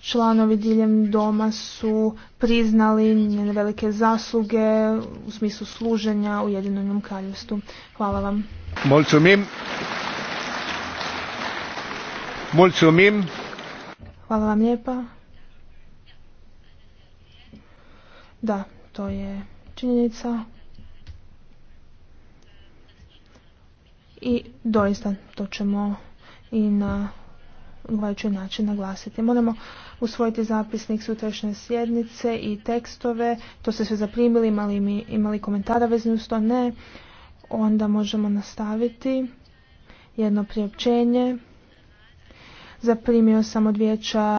članovi diljem doma su priznali njene velike zasluge u smislu služenja u Jedinom kraljevstvu. Hvala vam. Hvala vam lijepa. Da, to je činjenica. I doista to ćemo i na odgovarajući način naglasiti. Moramo usvojiti zapisnik sutrašnje sjednice i tekstove. To ste sve zaprimili, imali, mi, imali komentara vezni uz to? Ne. Onda možemo nastaviti. Jedno priopćenje. Zaprimio sam od vijeća